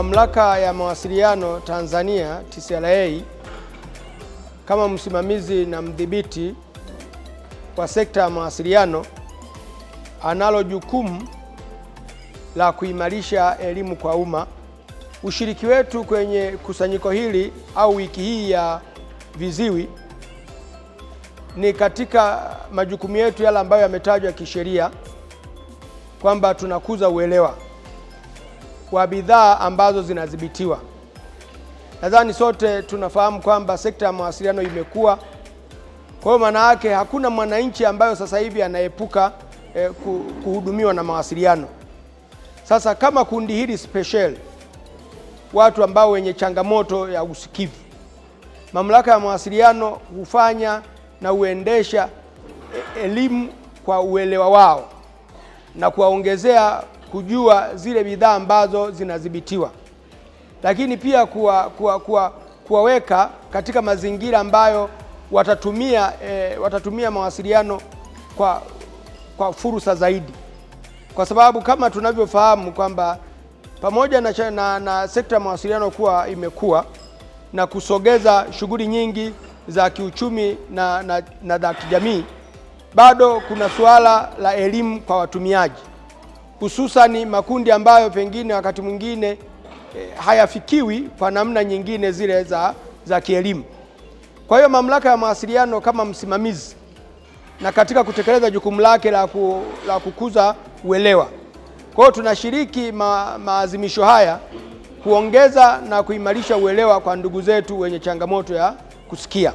Mamlaka ya Mawasiliano Tanzania TCRA kama msimamizi na mdhibiti wa sekta ya mawasiliano analo jukumu la kuimarisha elimu kwa umma. Ushiriki wetu kwenye kusanyiko hili au wiki hii ya viziwi ni katika majukumu yetu yale ambayo yametajwa kisheria kwamba tunakuza uelewa kwa bidhaa ambazo zinadhibitiwa. Nadhani sote tunafahamu kwamba sekta ya mawasiliano imekuwa, kwa hiyo maana yake hakuna mwananchi ambayo sasa hivi anaepuka eh, kuhudumiwa na mawasiliano. Sasa kama kundi hili special, watu ambao wenye changamoto ya usikivu, mamlaka ya mawasiliano hufanya na huendesha eh, elimu kwa uelewa wao na kuwaongezea kujua zile bidhaa ambazo zinadhibitiwa, lakini pia kuwa, kuwa, kuwa, kuwaweka katika mazingira ambayo watatumia, e, watatumia mawasiliano kwa, kwa fursa zaidi, kwa sababu kama tunavyofahamu kwamba pamoja na, na, na sekta ya mawasiliano kuwa imekuwa na kusogeza shughuli nyingi za kiuchumi na za na, na kijamii, bado kuna suala la elimu kwa watumiaji hususani makundi ambayo pengine wakati mwingine e, hayafikiwi kwa namna nyingine zile za, za kielimu. Kwa hiyo mamlaka ya mawasiliano kama msimamizi na katika kutekeleza jukumu lake la, ku, la kukuza uelewa. Kwa hiyo tunashiriki ma, maazimisho haya kuongeza na kuimarisha uelewa kwa ndugu zetu wenye changamoto ya kusikia.